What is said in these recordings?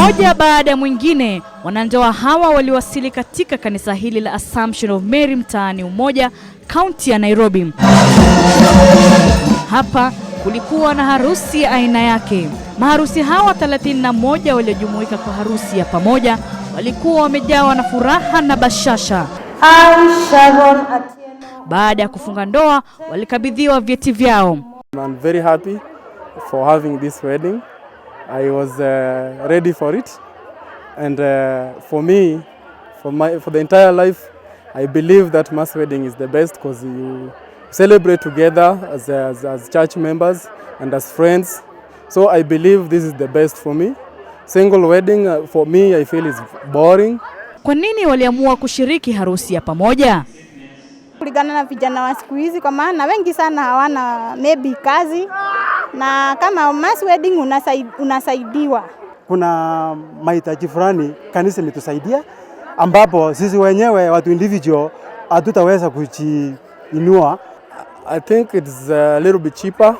Mmoja baada ya mwingine wanandoa hawa waliwasili katika kanisa hili la Assumption of Mary mtaani Umoja, kaunti ya Nairobi. Hapa kulikuwa na harusi ya aina yake. Maharusi hawa 31 waliojumuika kwa harusi ya pamoja walikuwa wamejawa na furaha na bashasha. Baada ya kufunga ndoa walikabidhiwa vyeti vyao. I'm very happy for having this wedding. I was uh, ready for it and uh, for me for my for the entire life I believe that mass wedding is the best because you celebrate together as, as, as church members and as friends so I believe this is the best for me single wedding uh, for me I feel is boring Kwa nini waliamua kushiriki harusi ya pamoja kulingana na vijana wa siku hizi kwa maana wengi sana hawana maybe kazi na kama mass wedding unasaid, unasaidiwa. Kuna mahitaji fulani kanisa imetusaidia, ambapo sisi wenyewe watu individual hatutaweza kujiinua. I think it's a little bit cheaper.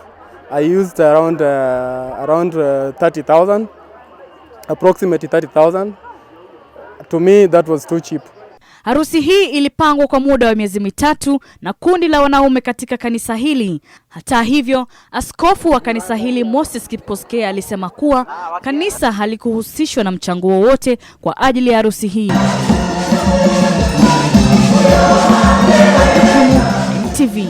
I used around, uh, around uh, 30,000, approximately 30,000. To me that was too cheap. Harusi hii ilipangwa kwa muda wa miezi mitatu na kundi la wanaume katika kanisa hili. Hata hivyo, askofu wa kanisa hili Moses Kiposkea alisema kuwa kanisa halikuhusishwa na mchango wowote kwa ajili ya harusi hii. TV